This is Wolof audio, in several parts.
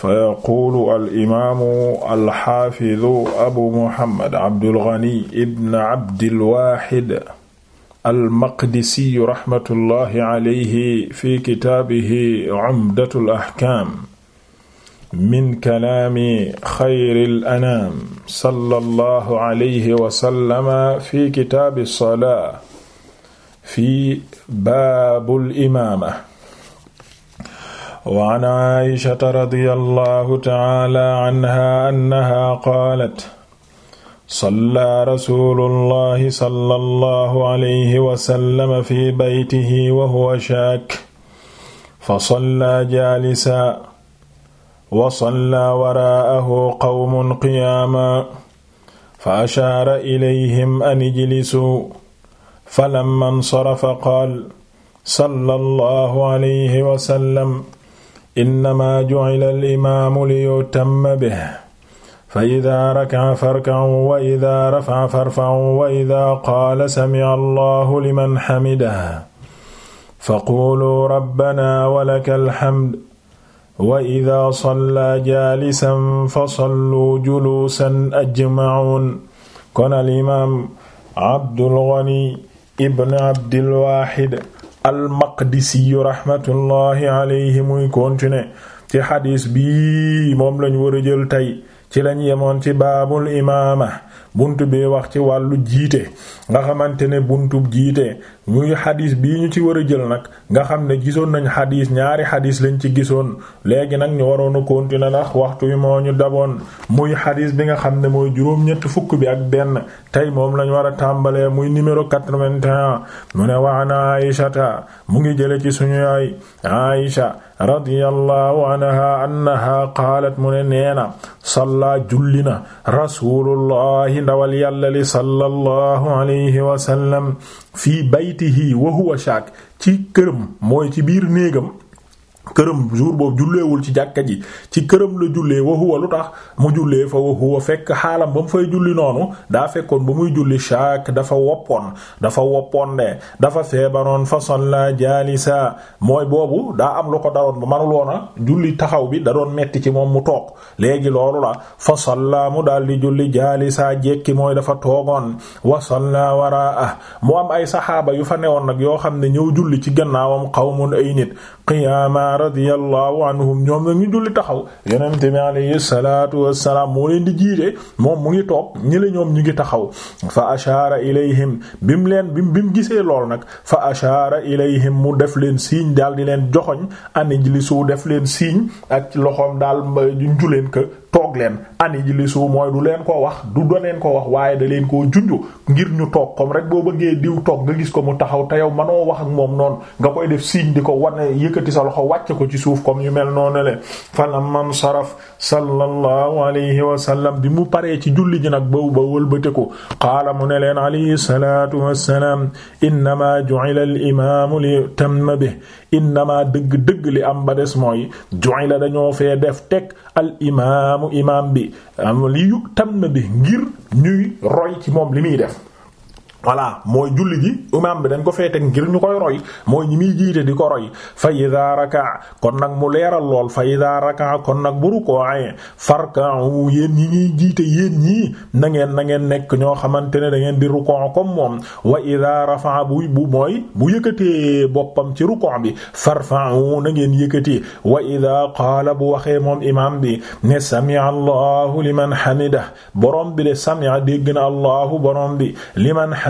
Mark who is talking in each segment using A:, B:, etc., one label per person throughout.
A: fa yaquulu al'imaamu alxaafidu abu muhammad abdulghani ibn abdilwaahid almaqdisiyu raxmatullahi alayhi fi kitaabihi cumdatul axkaam min kalaami xayril anaam sallallahu alayhi wa sallama fi kitaabi salaa fi baabul imaama wa an aishata radiyallahu ta'ala anha annaha qaalat salla rasulullahi sallallahu alayhi wa sallam fi baytihi wa huwa shaak fa salla jaalisan wa salla waraa'ahu qawmun qiyaaman fa ashaara ilayhim an ijlisuu falamma insarafa qaala sallallahu alayhi wa sallam innamaa ju'ila al-imaamu liyutamma bihi fa idaa raka'a farka'uu wa idaa rafa'a farfa'uu wa idaa qaala sami'a allahu liman hamidah faquuluu rabbanaa walakal hamd wa idaa sallaa jaalisan fasalluu juluusan ajma'uun kon al imaam Abdul Ghani ibn Abdil Waahid al-Maqdisi rahmatullahi alayhi muy continuer ci xadiis bi moom lañu war a jël tey ci lañ yemoon ci baabul imaama buntu bi wax ci wàllu jiite nga xamante ne buntu jiite muy xadis bii ñu ci war a jël nag nga xam ne gisoon nañ xadis ñaari xadis lañ ci gisoon léegi nag ñu waroon a continuer ndax waxtu wi moo ñu daboon muy xadis bi nga xam ne mooy juróom-ñett fukk bi ak benn tey moom lañ war a tàmbalee muy numéro 81 mu ne wa an aïshata mu ngi jële ci suñu yaay aïsha radiyallahu anha annaha qaalat mu ne nee na salla julli na rasulullahi ndawal yàlla li sallallahu alayhi wa sallam fi baytihi wa huwa shaak ci këram mooy ci biir néegam këram jur boobu julleewul ci jàkka ji ci këram la jullee wa huwa lu tax mu jullee fa wa fekk xaalam ba mu fay julli noonu daa fekkoon ba muy julli chaque dafa woppoon dafa woppoon de dafa feebaroon fa salla jaalisa mooy boobu daa am lu ko daroon bu manul a julli taxaw bi da doon metti ci moom mu toog léegi loolu la fa salla mu daal di julli jaalisa jekki mooy dafa toogoon wa salla waraa mu am ay saxaaba yu fa ne woon nag yoo xam ne ñëw julli ci gannaawam qawmun ay nit Mawlaana radiyallahu anhum ñoom nag ñu julli taxaw yonent bi alayhi salaatu wassalaam moo leen di jiite moom mu ngi toog ñi la ñoom ñu ngi taxaw fa ashaara ilayhim bim leen bi mu gisee lool nag fa ashaara ilayhim mu def leen signe daal di leen joxoñ an ijlisu def leen siiñ ak loxoom daal ju juleen ko toog leen ani ji lisu mooy du leen ko wax du doneen ko wax waaye da leen koo junj ngir ñu toog comme rek boo bëggee diw toog nga gis ko mu taxaw te yow manoo wax ak moom noonu nga koy def signe di ko wane yëkkati sa loxo wàcce ko ci suuf comme yu mel noo noonu le falamman saraf sallallahu alayhi wa sallam bi mu paree ci julli ji nag baw ba wëlbateku qaala mu ne leen alayhi salaatu wassalaam innamaa ju'ila al imaamu li yutamma bihi innama dëgg dëgg li am ba des mooy joy la dañoo fee def teg al imaamu imaam bi am li tam na bi ngir ñuy roy ci moom li muy def voilà mooy julli ji imaam bi dañ ko fee teg ngir ñu koy roy mooy ñu muy jiite di ko roy fa ida raka kon nag mu leeral lool fa ida raka kon nag bu rukoe farka'u yéen ñi ñuy jiite na ngeen na ngeen nekk ñoo xamante ne da di ruko comme moom wa ida rafa'a bu bu mooy bu yëkkatee boppam ci ruko bi farfa'u na ngeen yëkkati wa ida qaala bu waxee moom imaam bi ne sami'a allahu liman hamida borom bi de sami'a dégg na allahu borom bi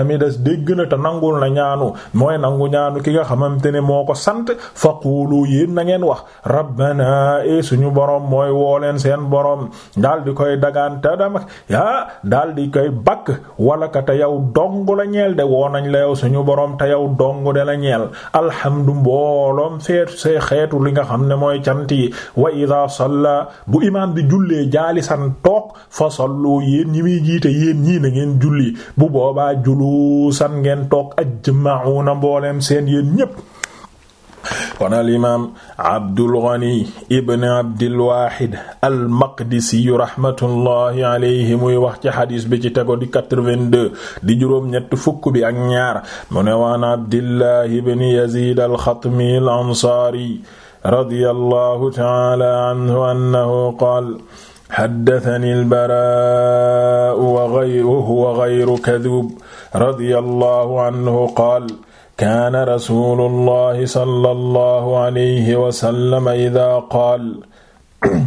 A: hamidas dégg na te nangul na ñaanu mooy nangu ñaanu ki nga xamante ne moo ko sant faqulu yéen na ngeen wax rabbana e suñu borom mooy woo leen seen borom daal di koy daganta dama yaa dal di koy bakk wala ka te yow dong la ñeel de woo nañ la yow suñu boroom te yow dong de la ñeel alhamdu mbooloom feet see xeetu li nga xam ne mooy cant yi wa ida salla bu imaam bi jullee jaalisan toog fa sallu yéen ñi muy jiite yéen ñii na ngeen julli bu boobaa juluusan ngeen toog ajma'una mbooleem seen yéen ñépp kon al imaam Abdul Ghani ibn Abdil Wahid al Maqdisi rahmatullahi alayhi muy wax ci xadis bi ci tego di 82 di juróom-ñett fukk bi ak ñaar mu ne waan Abdillahi ibn Yazid al Xatmi al Ansaari radiyallahu ta'ala anhu annahu qaala haddathani al Baraa wa ghayruhu wa ghayru kadhub radiyallahu anhu qaal kaana rasulullahi sallallahu alayhi wa sallam idaa qaal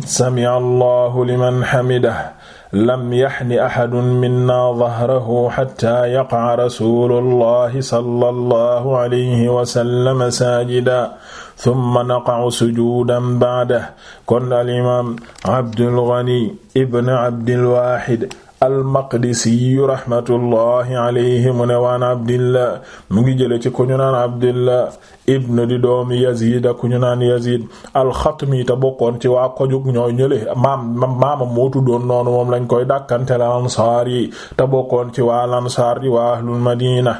A: sami'a allahu liman hamidah lam yaxni axadun minna dahrahu xatta yaqaca rasulullahi sallallahu alayhi wa sallam saajida summa naqacu sujuudan bacdahu kon al imaam Abdul Ghani ibn Abdil Waahid almaqdisiyu rahmatullahi alayhi mu ne waan abdillah mu ngi jële ci ku ñu naan abdillah ibn di doomi yazid ku ñu naan yazid alxatmi te bokkoon ci waa kojug ñooy ñële maam maamam moo tuddoon noonu moom lañ koy dakkante la ansaar yi te bokkoon ci waa lansaar yi waa ahlul madina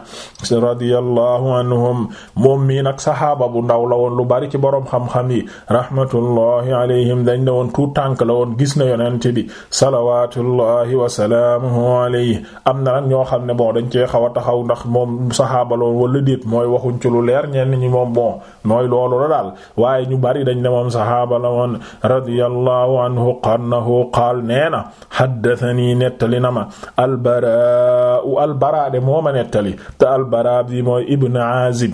A: radiyallahu anhum moom mii nag saxaaba bu ndaw la woon lu bari ci boroom xam-xam yi rahmatullahi alayhim dañ ne woon tuut tànk la woon gis na yonent bi salawatullahi wa salaamuhu alayhi am na nag ñoo xam ne boo dañ cee xaw a taxaw ndax moom saxaaba loolu wala déet mooy waxuñ ci lu leer ñenn ñi moom boo mooy loolu la daal waaye ñu bari dañ ne moom saxaaba la woon radiyallahu anhu annahu qaal nee na haddathani nettali na ma albara albara de moo ma nettali te albara bi mooy ibn azib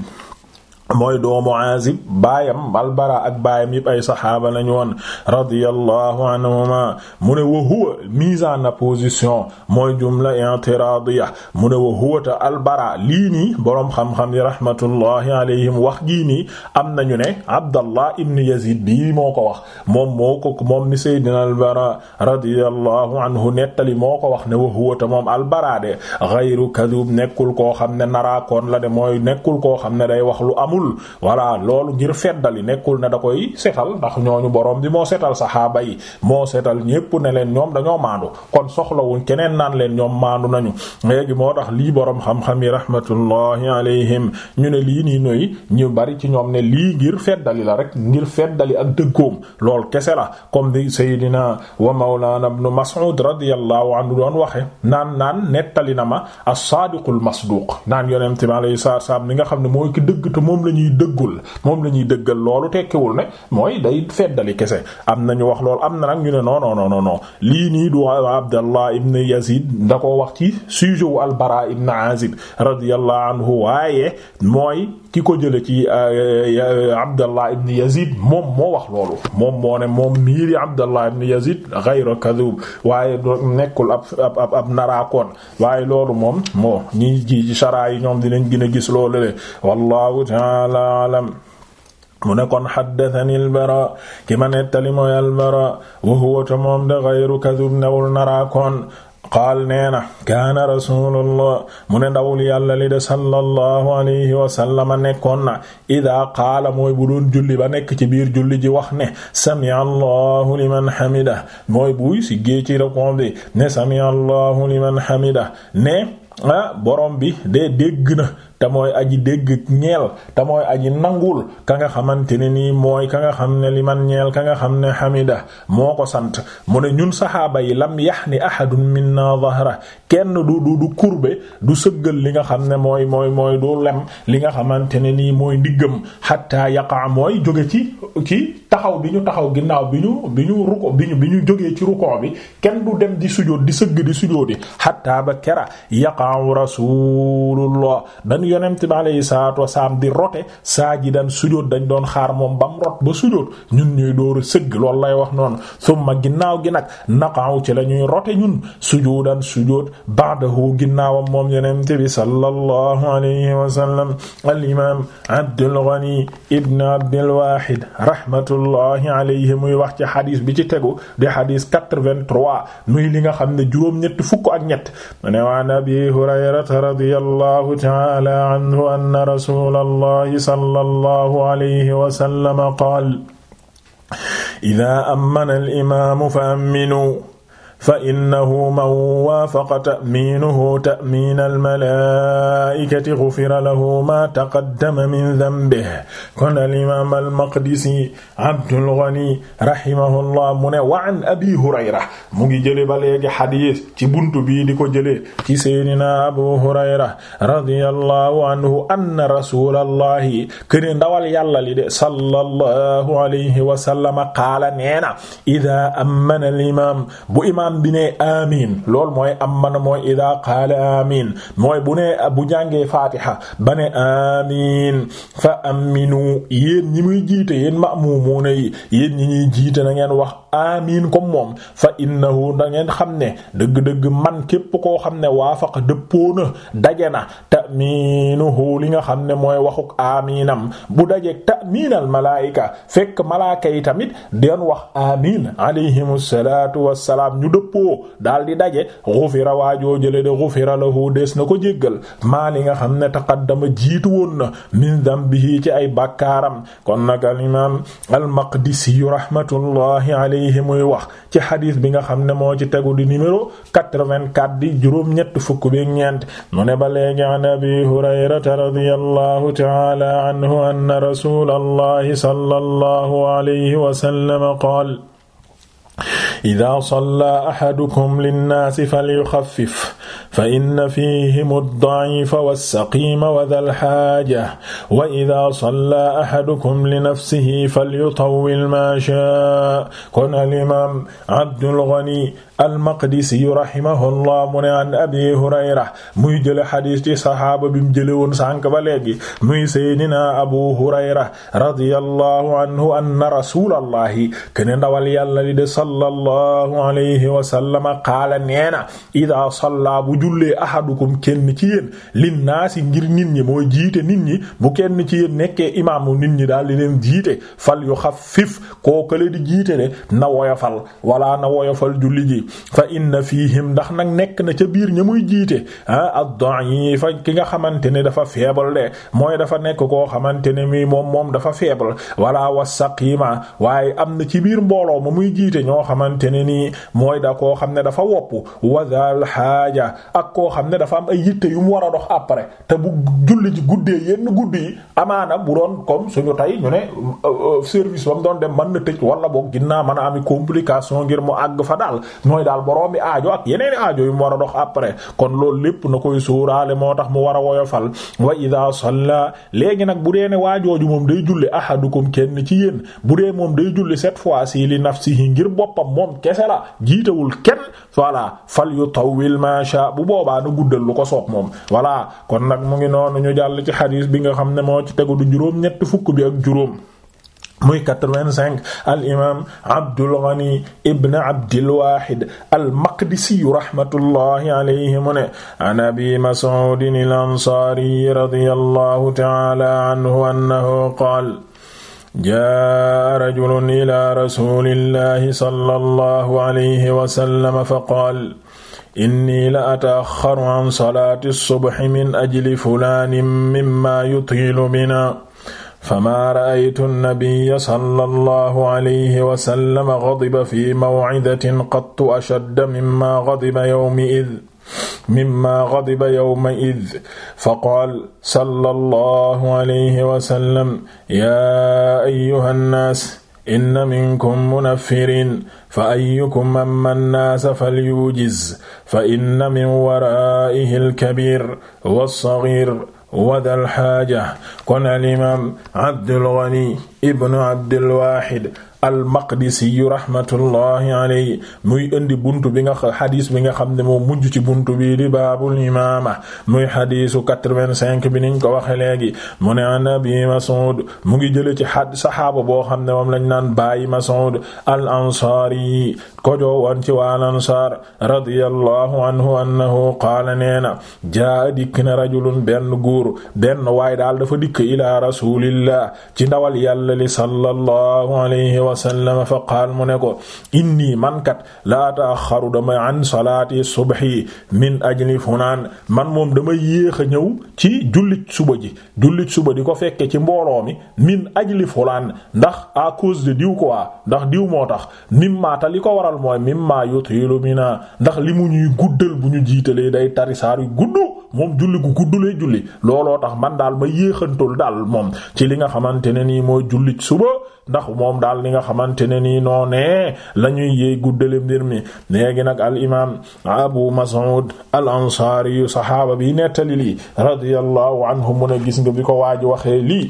A: mooy doomu Aazib baayam Albara ak baayam yëpp ay saxaaba lañu woon radiyallahu anhuma mu ne wa huwa mise en opposition mooy jumla i'tiradiya mu ne wa huwa ta Albara lii nii boroom xam-xam yi rahmatullahi wax gii nii am nañu ne Abdallah ibn Yazid bii moo ko wax moom moo ko moom ni Seydina Albara radiyallahu anhu nettali moo ko wax ne wa huwa moom Albara de ghayru kadhub nekkul koo xam ne naraakoon la de mooy nekkul koo xam ne day wax lu amul nekkul voilà loolu ngir feddali nekkul na da koy setal ndax ñooñu boroom bi moo setal saxaaba yi moo setal ñépp ne leen ñoom dañoo maandu kon soxlawuñ keneen naan leen ñoom maandu nañu léegi moo tax lii boroom xam-xam yi rahmatullahi alayhim ñu ne lii nii noy ñu bari ci ñoom ne lii ngir feddali la rek ngir feddali ak dëggoom lool kese la comme di Seydina wa Mawlana ibn Mas'ud radiyallahu anhu doon waxe naan naan nettali na ma as-sadiqul masduq naan la ñuy dëggul moom la ñuy dëggal loolu tekkiwul ne mooy day feddali kese am na ñu wax loolu am na nag ñu ne non non non lii nii du Abdallah ibn Yazid da wax ci sujet albara al-Bara ibn Azib radiyallahu anhu waaye mooy ki ko jële ci euh, euh, abdallah ibn yazid moom moo wax loolu moom moo ne moom mii di abdallah ibn yazid ghayra kadhub waaye do nekkul ab ab ab naraakoon waaye loolu moom moo ñi ji ci sharaa yi ñoom dinañ gën a gis loolu le wallahu ta'ala alam mu ne kon xaddatani albara ki ma nettali mooy albara wa huwa moom de ghayru kadhub newul naraakoon qaal nee na kaana rasulullah mu ne ndawul yàlla li de sallallahu alayhi wa sallama nekkoon na ida qaala mooy bu doon julli ba nekk ci biir julli ji wax ne sami allahu liman hamida mooy buy si gée ci rekon bi ne sami allahu liman hamida ne ah, borom bi de dégg te mooy aji dégg ñeel te mooy aji nangul ka nga xamante ne nii mooy ka nga xam ne li man ñeel ka nga xam ne hamida moo ko sant mu ne ñun saxaaba yi lam ni ahadun minna zahra kenn du du du courbe du sëggal li nga xam ne mooy mooy mooy du lem li nga xamante ne nii mooy ndiggam hatta yaqa mooy jóge ci ci taxaw bi ñu taxaw ginnaaw bi ñu bi ñu bi ñu jógee ci ruko bi kenn du dem di sujóot di sëgg di sujóoti hatta ba kera yaqa rasulullah yonent bi alayhi salaatu saajidan sujóot dañ doon xaar moom ba mu rot ba sujóot ñun ñuy dóoru sëgg loolu lay wax noonu summa ginnaaw gi nag naqaw ci la ñuy rote ñun sujóodan sujóot ba'dahu ginnaawam moom yonent bi sallallahu alayhi wa sallam al imaam Abdul Ghani ibn Abdul Wahid rahmatullahi alayhi muy wax ci xadis bi ci tegu di xadis 83 muy li nga xam ne juróom-ñett fukk ak ñett mu ne Abi Hurayrata radiyallahu ta'ala anhu anna rasuulallahi sallallahu alayhi wa sallam qaala idaa ammana al-imaamu fa amminuu fa innahu man waafaqa ta'miinuhu ta'miina al-malaa'ikati ghufira lahu maa taqaddama min dhanbihi kon al-imaam al-Maqdisi Abdul Ghani rahimahullah mu ne wa an Abi Hurayra mu ngi jëlee ba léegi xadiis ci buntu bii di ko jëlee ci Seydina Abu Hurayra radiyallahu anhu anna rasuulallahi kene ndawal yàlla li de sallallahu alayhi wa sallam qaala neena idaa ammana al-imaam bu imaam imaam bi ne amiin lool mooy am man mooy ida qaala amiin mooy bu ne bu jàngee fatiha ba ne amiin fa aminu yéen ñi muy jiite yéen ma'mumuuna yi yéen ñi ñuy jiite na ngeen wax amiin comme moom fa innahu da ngeen xam ne dëgg-dëgg man képp koo xam ne waafaqa dëppoo na daje na ta'miinuhu li nga xam ne mooy waxuk amiinam bu dajeeg ta'miinal malaayika fekk malaaka yi tamit den wax amiin alayhimu salaatu wassalaam ñu dëppoo daal di daje xufira waajoo jële de xufira lahu des na ko jéggal maa li nga xam ne taqaddama jiitu woon na min dambihi ci ay bàkkaaram kon nag al imaam al maqdisi alayhi muy wax ci xadiis bi nga xam ne moo ci tegu di numéro 84 di juróom-ñett fukk bi ñeent mu ne ba léegi an abi hurayrata radiyallahu ta'ala anhu anna rasulallahi sallallahu alayhi wa sallam qaala idaa sallaa ahadukum linnaasi falyuxaffif fa inna fiihim ad-da'ifa was-saqima wa dhal haaja wa idha salla ahadukum li nafsihi falyutawwil ma sha'a kon al-imam Abdul Ghani al-Maqdisi rahimahullah mu ne an Abi Hurayra muy jële xadiis ci saxaaba bi mu jële woon sànk ba léegi muy Seydina Abu Hurayra radiyallahu anhu anna rasulallahi kene ndawal yàlla li de sallallahu alayhi wa sallam qaala neena idha salla salaa bu jullee ahadukum kenn ci yéen linnaasi ngir nit ñi mooy jiite nit ñi bu kenn ci yéen nekkee imaamu nit ñi daal di leen jiite fal yu xaffif koo kële di jiite de na woyofal wala na woyofal julli ji fa inna fiihim ndax nag nekk na ca biir ña muy jiite ah ad fa ki nga xamante ne dafa faible de mooy dafa nekk koo xamante ne mi moom moom dafa faible wala wasaqima waaye am na ci biir mbooloo ma muy jiite ñoo xamante ne nii mooy da koo xam ne dafa wopp ak koo xam ne dafa am ay yitte yu mu war a dox après te bu julli ji guddee yenn guddi yi amaana bu doon comme suñu tey ñu ne euh, euh, service ba mu doon dem mën na tëj wala boog ginnaa mën a ami complication ngir mu àgg fa daal mooy daal borom bi aajo ak yeneen aajo yu mu war a dox après kon loolu lépp na koy suuraale moo tax mu war a woyofal wa ida salla léegi nag bu dee ne waajooju moom day julli kom kenn ci yéen bu dee moom day julli cette fois ci li nafsihi ngir boppam moom kese la jiitawul kenn voilà fal yutawwil ma yasha bu boobaa nu guddal lu ko soob moom voilà kon nag mu ngi noonu ñu jàll ci xadiis bi nga xam ne moo ci tegu du juróom ñett fukk bi ak juróom muy 85 al imaam Abdul Ghani ibn Abdil Wahid al Maqdisi rahmatullahi alayhi mu ne an Abi Mas'ud al Ansari radiyallahu ta'ala anhu annahu qaala jaa'a rajulun ila rasulillahi sallallahu alayhi wa sallam faqaala inni la ataxaru an salaati subhi min ajli fulaanin mimma yutiilu bina famaa ra'aytu nabiyya sallallahu alayhi wa sallam ghadiba fi maw'idatin qattu ashadda mimma ghadiba yawma idh mimma ghadiba yawma idh faqaala sallallahu alayhi wa sallam yaa ayyuhan naas inna minkum munaffiriin fa ayyukum amma nnaasa falyuujiz fa inna min waraa'ihi alkabiir wassagiir wa dal haaja kon al imaam Abdul Ghani ibnu Abdul Waahid al-Maqdisiyu rahmatullahi alayhi muy indi buntu bi nga xadis bi nga xam ne moo mujj ci buntu bi di baabul imaama muy xadisu quatre-vingt-cinq bi niñ ko waxe léegi mu ne an Abi mu ngi jële ci xad saxaaba boo xam ne moom lañ naan bàyyi Mas'ud al-Ansari ko joowoon ci waa ansaar radiyallahu anhu annahu qaala nee na jaa dikk na rajulun benn góor benn waay daal dafa dikk ilaa rasulillah ci ndawal yàlla li sallallahu alayhi wa sallam fa mu ne ko inni man kat laa taaxaru damay an salaati subhi min ajli funaan man moom damay yéex a ñëw ci jullit suba ji jullit suba di ko fekke ci mbooloo mi min ajli fulaan ndax à cause de diw quoi ndax diw moo tax mimmaata ko war waral mooy mimma yutilu mina ndax li mu ñuy guddal bu ñu jiitalee day tari saar yu gudd moom julli gu gudd lay julli looloo tax man daal ma yéexantul daal moom ci li nga xamante ne nii moo julli suba ndax moom daal li nga xamante ne nii noo nee la ñuy yéey mbir mi léegi nag al imam abu mas'ud al ansari yu sahaaba bi nettali lii radiyallahu anhu mu ne gis nga bi ko waaji waxee lii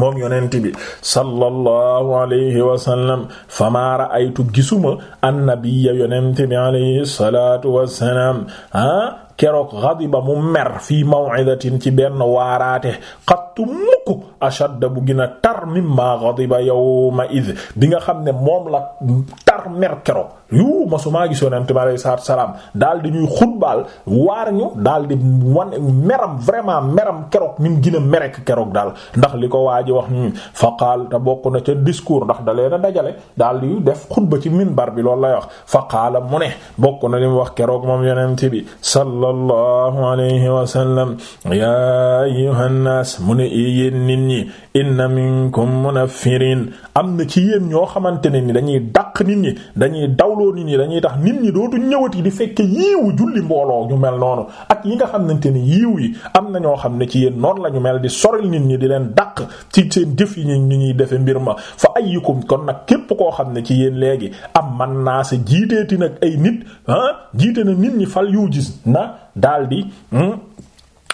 A: moom yonent bi sallallahu alayhi wa sallam famaa ra'aytu gisuma annabiyya yonent bi alayhi salaatu wa salaam ah keroog ghadiba mu mer fii maw'idatin ci benn waaraate xattu mukk ashadda bu gën a tar mimma yow ma id bi nga xam ne moom la tar mer keroog yu masumaa gis yonente bi alayhi salaatu salaam daal di ñuy xutbaal waar ñu daal di wan meram vraiment meram keroog min gën a merek keroog daal ndax li ko waa ji wax ñu faqaal te bokk na ca discours ndax da leena dajale daal di def xutba ci minbar bi loolu lay wax faqaala mu ne bokk na li mu wax keroog moom yonente bi sallallahu alayhi wa sallam yaa ayyuhan naas mu ne yéen nit ñi inna minkum munafirin am na ci yéen ñoo xamante ne ni dañuy daq nit ñi dañuy dawloo nit ñi dañuy tax nit ñi dootu ñëwati di fekke yiiwu julli mbooloo ñu mel noonu ak yi nga xamante ni yiiw yi am na ñoo xam ne ci yéen noonu la ñu mel di soril nit ñi di leen dàq ci seen jëf yi ñu ñuy defe mbir ma fa ayyukum kon nag képp koo xam ne ci yéen léegi am man naa si jiitee jiiteeti nag ay nit ah jiite na nit ñi fal yu daal di hmm,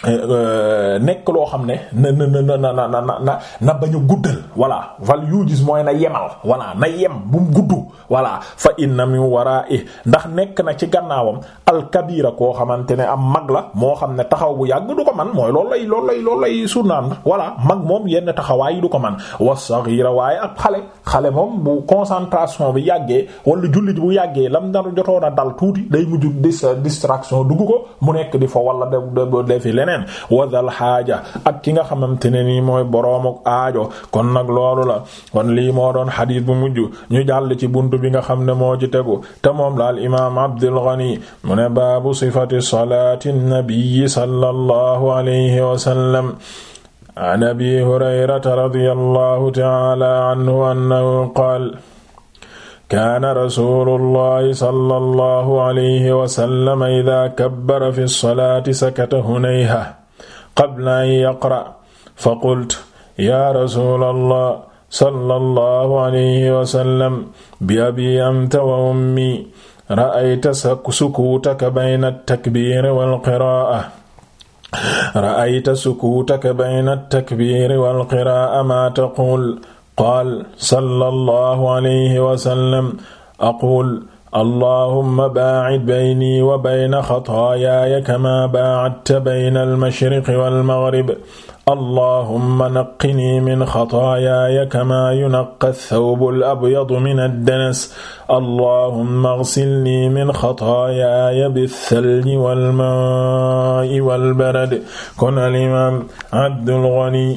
A: euh, euh, nekk loo xam ne na na na na na na na bañ a guddal voilà val yu gis mooy na yemal voilà na yem bu mu gudd voilà fa inna min waraa'i ndax nekk na ci gannaawam alkabira koo xamante ne am mag la moo xam ne taxaw bu yàgg du ko man mooy loolu lay loolu lay loolu lay sunnaan voilà mag moom yenn taxawaay yi du ko man wa saghira waaye ak xale xale moom bu concentration bi yàggee wala jullit bu yàggee lam naru jotoon a dal tuuti day mujj dis distraction dugg ko mu nekk di fa wala de defi leneen wadal xaaja ak ki nga xamante ne nii mooy boroomu ak aajo kon nag loolu la kon lii moo doon xadiis mujj ñu jàll ci buntu bi nga xam ne moo ci tegu te moom la al imaam Abdul Ghani mu ne baabu sifati salaati nabii sallallahu alayhi wa sallam an abi hurayrata radiyallahu ta'ala anhu annahu qaala kaana rasuulullahi sallallahu alayhi wa sallam idaa kabbara fi salaati sakata hunayha qabla an yaqra fa qultu yaa rasuulallah sallallahu alayhi wa sallam bi abi anta wa ummi ra'ayta sukuutaka bayna at-takbiir wal qiraa'a ra'ayta sukuutaka bayna at-takbiir wal qiraa'a maa taquul qaal sallallahu alayhi wa sallam aquul allahumma baa'id bayni wa bayna xataayaaya kamaa baa'adta bayna al-mashriqi wal maghrib allahumma naqqini min xataayaaya kamaa yunaqqa ath-thawbu al-abyadu min ad-danas allahumma ighsilni min xataayaaya bis-salji wal-maa'i wal-barad kon al-imaam Abdul Ghani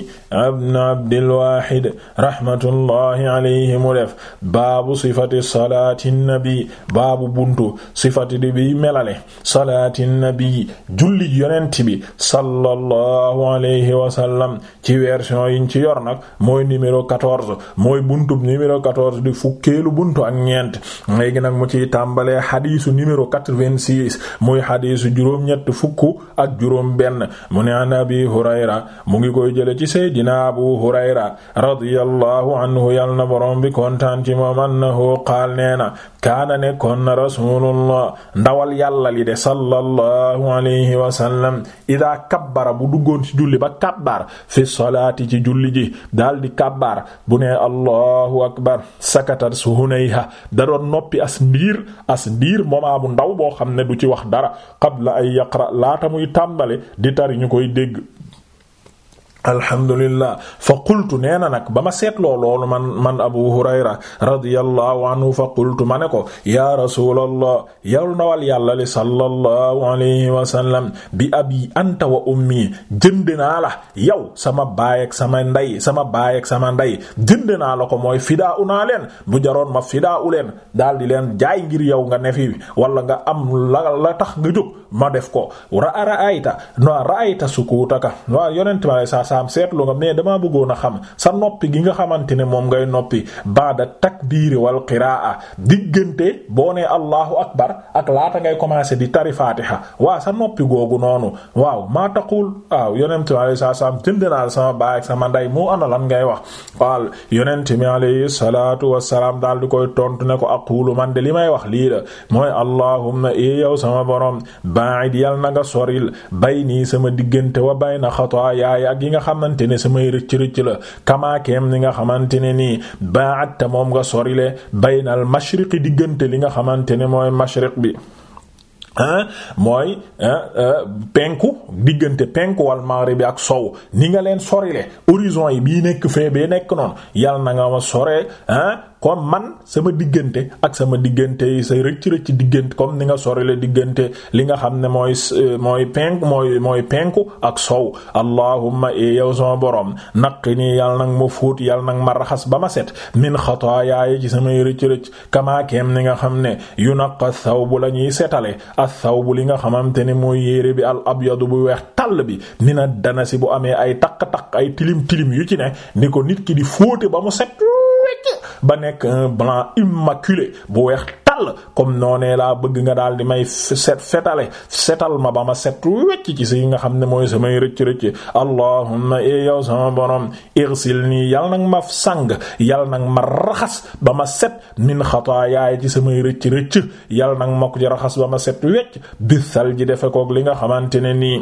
A: ibn Abdil Waahid rahmatullahi alayhi mu def baabu sifati salaati nabi baabu buntu sifati bi melale salaati nabi julli yonent bi sallallahu alayhi wa wasallam ci version yiñ ci yor nag mooy numéro 14 mooy buntu numéro 14 di fukkeelu buntu ak ñeent léegi nag mu ciy tàmbalee xadiisu numéro 86 muy xadiisu juróom-ñett fukk ak juróom benn mu ne an abi hurayra mu ngi koy jële ci seydina abu hurayra radiyallahu anhu yal na borom bi kontaan ci moom annahu qaal nee na kaana nekkoon na rasulullah ndawal yàlla li de sallallahu alayhi wa ida kabbara bu duggoon ci julli ba kàbb kabbaar fi salaati ci julli ji daal di kabbaar bu nee allahu akbar sakata hunayha da doon noppi as ndiir as ndiir moment mu ndaw boo xam ne du ci wax dara qabla ay yaqra laata muy tàmbale di tari ñu koy dégg alhamdulillah fa qultu nee na nag ba ma seetloo loolu man man abu hurayra radiyallahu anhu fa qultu ma ne ko ya rasulallah yow ndawal yàlla li sallallahu alayhi wa sallam bi abi anta wa ummi jënd naa la yow sama baay sama ndey sama baay ak sama ndey jënd naa la ko mooy fidaa u naa leen bu jaroon ma fidaa u leen daal di leen jaay ngir yow nga nefi wala nga am la tax nga jóg ma def ko ra ra'ayta no ra'ayta sukutaka salaam seetlu nga mais damaa bëggoon a xam sa noppi gi nga xamante ne moom ngay noppi baada takbiiri wal qiraa diggante boo nee allahu akbar ak laata ngay commencé di tari fatiha waaw sa noppi googu noonu waaw maa taqul waaw yonent salaam jënd naa sama baay ak sama nday mu ana lan ngay wax qaal yonent mi alayhi salaatu wassalaam daal di koy tontu ne ko aqulu man de li may wax lii la mooy allahumma ee yow sama borom ba'id yal na nga soril bayni sama diggante wa bayna xataayaaya ak yi nga xamante ne samay rëcc-rëcc la kamaakeem ni nga xamante ne nii baatta moom nga sorile baynal mashriqi diggante li nga xamante ne mooy mashriq bi mooy euh, penku diggante penku wal maghrib bi ak sow ni nga leen sorile horizon yi bii nekk fee bee nekk noonu yàlla na nga ma sore comme man sama diggante ak sama diggante yi sa rëcc rëcc diggante comme ni nga sorile diggante li nga xam ne mooy euh, mooy penk mooy mooy penku ak sow allahumma e yow sama borom nii yal nag ma fóot yal nag ma raxas ba ma set min xataayaayi ci samay rëcc rëcc kamaakeem ni nga xam ne yu yunaqqa thawbu la ñuy setale bu li nga xamante ne mooy yére bi al abyadu bu weex tàll bi na danasi bu amee ay taq-taq ay tilim tilim yu ci ne ni ko nit ki di fóote ba mu set ba nekk un blanc immaculé bu weex tàll comme noonee laa bëgg nga daal di may set fetale setal ma ba ma set wecc ci si nga xam ne mooy samay rëcc-rëcc allahumma e yow sama borom nii yal nag ma sang yal nag ma raxas ba ma set min xataayaay ci samay rëcc-rëcc yal nag ma ko ci raxas ba ma set wecc bisal ji defe koog li nga xamante ne nii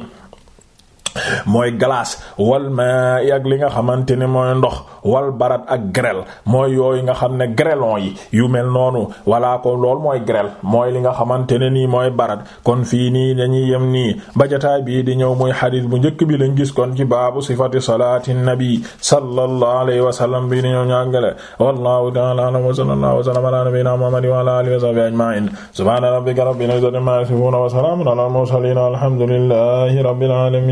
A: mooy glace wal ma ak li nga xamante ne mooy ndox wal barat ak grêle mooy yooyu nga xam ne grêlons yi yu mel noonu walla ko lool mooy grêle mooy li nga xamante ne nii mooy barat kon fii nii dañuy yem nii bajataay bii di ñëw muy xadiis bu njëkk bi lañ gis kon ci baabu sifati salaati nabi sallallahu alayhi wa sallam bii di ñëw ñàngale wallahu ta'ala a'lam wa sallallahu wa sallama ala nabiyyina muhammadin wa ala alihi wa sahbihi ajma'in subhana rabbika rabbil izzati amma yasifun wa